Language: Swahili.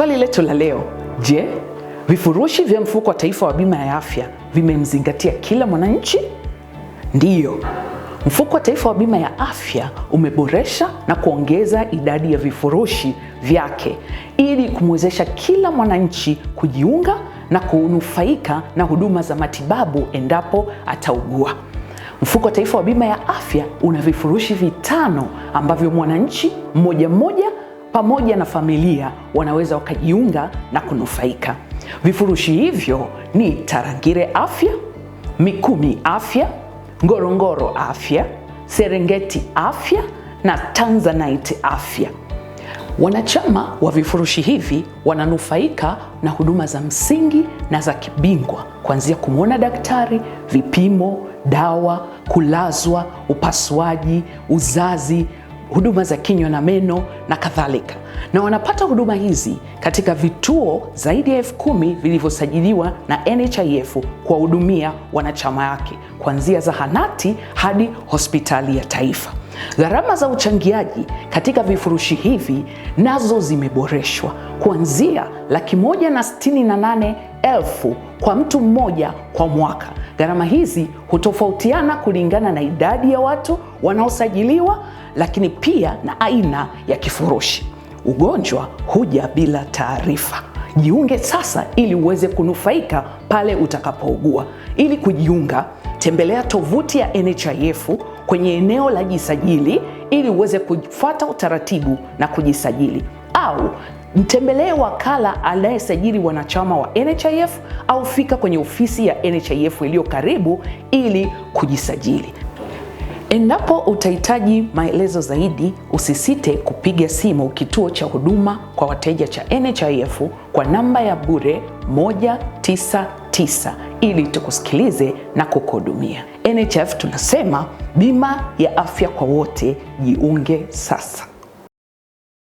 Swali letu la leo, je, vifurushi vya mfuko wa taifa wa bima ya afya vimemzingatia kila mwananchi? Ndiyo, mfuko wa taifa wa bima ya afya umeboresha na kuongeza idadi ya vifurushi vyake ili kumwezesha kila mwananchi kujiunga na kunufaika na huduma za matibabu endapo ataugua. Mfuko wa taifa wa bima ya afya una vifurushi vitano ambavyo mwananchi mmoja mmoja pamoja na familia wanaweza wakajiunga na kunufaika. Vifurushi hivyo ni Tarangire Afya, Mikumi Afya, Ngorongoro Afya, Serengeti Afya na Tanzanite Afya. Wanachama wa vifurushi hivi wananufaika na huduma za msingi na za kibingwa kuanzia kumwona daktari, vipimo, dawa, kulazwa, upasuaji, uzazi huduma za kinywa na meno na kadhalika, na wanapata huduma hizi katika vituo zaidi ya elfu kumi vilivyosajiliwa na NHIF kuwahudumia wanachama wake kuanzia zahanati hadi hospitali ya taifa. Gharama za uchangiaji katika vifurushi hivi nazo zimeboreshwa kuanzia laki moja na sitini na nane elfu kwa mtu mmoja kwa mwaka. Gharama hizi hutofautiana kulingana na idadi ya watu wanaosajiliwa, lakini pia na aina ya kifurushi. Ugonjwa huja bila taarifa. Jiunge sasa ili uweze kunufaika pale utakapougua. Ili kujiunga, tembelea tovuti ya NHIF kwenye eneo la jisajili ili uweze kufuata utaratibu na kujisajili au Mtembelee wakala anayesajili wanachama wa NHIF au fika kwenye ofisi ya NHIF iliyo karibu ili kujisajili. Endapo utahitaji maelezo zaidi, usisite kupiga simu kituo cha huduma kwa wateja cha NHIF kwa namba ya bure 199 ili tukusikilize na kukuhudumia. NHIF tunasema bima ya afya kwa wote, jiunge sasa.